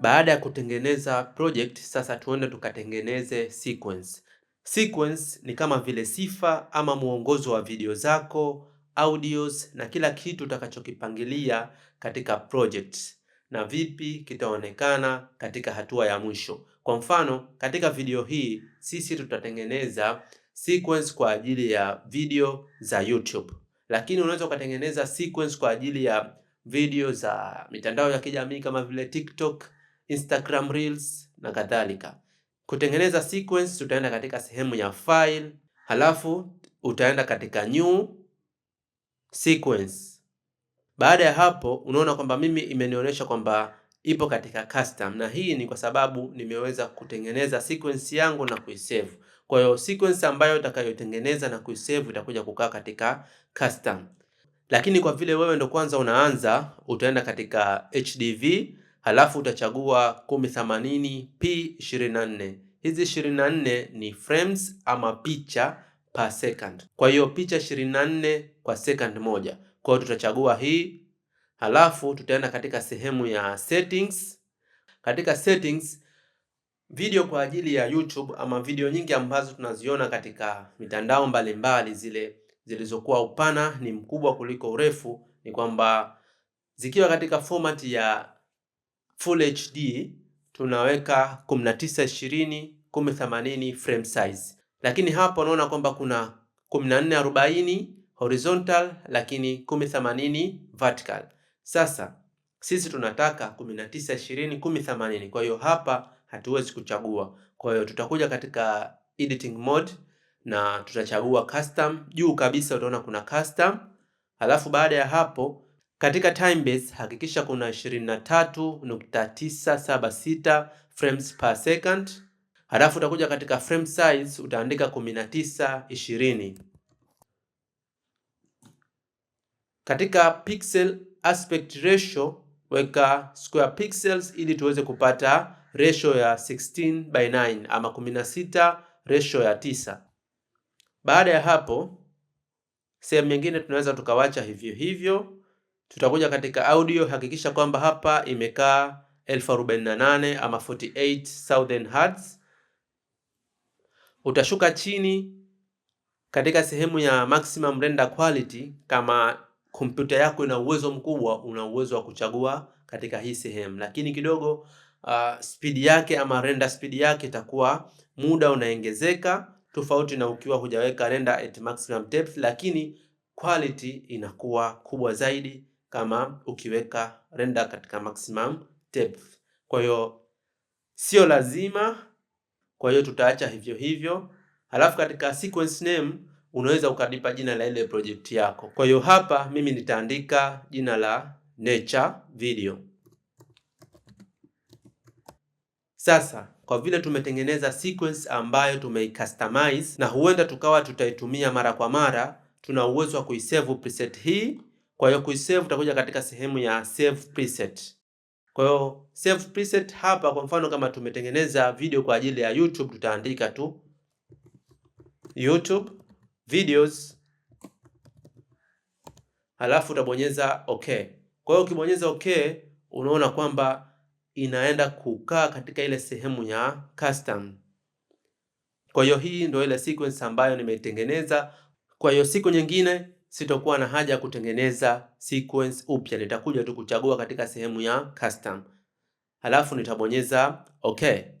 Baada ya kutengeneza project, sasa tuende tukatengeneze sequence. Sequence ni kama vile sifa ama mwongozo wa video zako, audios na kila kitu utakachokipangilia katika project, na vipi kitaonekana katika hatua ya mwisho. Kwa mfano, katika video hii sisi tutatengeneza sequence kwa ajili ya video za YouTube, lakini unaweza ukatengeneza sequence kwa ajili ya video za mitandao ya kijamii kama vile TikTok Instagram Reels na kadhalika. Kutengeneza sequence, tutaenda katika sehemu ya file, halafu utaenda katika new sequence. Baada ya hapo, unaona kwamba mimi imenionyesha kwamba ipo katika custom, na hii ni kwa sababu nimeweza kutengeneza sequence yangu na kuisave. Kwa hiyo sequence ambayo utakayotengeneza na kuisave itakuja kukaa katika custom, lakini kwa vile wewe ndo kwanza unaanza, utaenda katika HDV halafu utachagua 1080 p 24. Hizi 24 ni frames ama picha per second, kwa hiyo picha 24 kwa second moja. Kwa hiyo tutachagua hii, halafu tutaenda katika sehemu ya settings. Katika settings video kwa ajili ya YouTube ama video nyingi ambazo tunaziona katika mitandao mbalimbali mbali, zile zilizokuwa upana ni mkubwa kuliko urefu, ni kwamba zikiwa katika format ya Full HD tunaweka 1920 1080 frame size, lakini hapa unaona kwamba kuna 1440 horizontal lakini 1080 vertical. Sasa sisi tunataka 1920 1080, kwa hiyo hapa hatuwezi kuchagua. Kwa hiyo tutakuja katika editing mode na tutachagua custom. Juu kabisa utaona kuna custom, alafu baada ya hapo katika time base hakikisha kuna 23.976 frames per second. Halafu utakuja katika frame size utaandika 19 20. Katika pixel aspect ratio weka square pixels ili tuweze kupata ratio ya 16 by 9 ama 16 ratio ya 9. Baada ya hapo sehemu nyingine tunaweza tukawacha hivyo hivyo Tutakuja katika audio, hakikisha kwamba hapa imekaa 1048 ama 48 Southern Hertz. Utashuka chini katika sehemu ya maximum render quality. Kama kompyuta yako ina uwezo mkubwa, una uwezo wa kuchagua katika hii sehemu, lakini kidogo uh, speed yake ama render speed yake itakuwa muda unaongezeka, tofauti na ukiwa hujaweka render at maximum depth, lakini quality inakuwa kubwa zaidi kama ukiweka render katika maximum depth. Kwa hiyo sio lazima, kwa hiyo tutaacha hivyo hivyo. Halafu katika sequence name unaweza ukalipa jina la ile project yako. Kwa hiyo hapa mimi nitaandika jina la nature video. Sasa kwa vile tumetengeneza sequence ambayo tumeicustomize na huenda tukawa tutaitumia mara kwa mara, tuna uwezo wa kuisave preset hii kwa hiyo kuisave utakuja katika sehemu ya save preset. Kwa hiyo save preset hapa, kwa mfano kama tumetengeneza video kwa ajili ya YouTube, tutaandika tu YouTube videos halafu utabonyeza okay. Kwa hiyo ukibonyeza okay, unaona kwamba inaenda kukaa katika ile sehemu ya custom. Kwa hiyo hii ndio ile sequence ambayo nimeitengeneza. Kwa hiyo siku nyingine sitokuwa na haja ya kutengeneza sequence upya, nitakuja tu kuchagua katika sehemu ya custom, halafu nitabonyeza okay.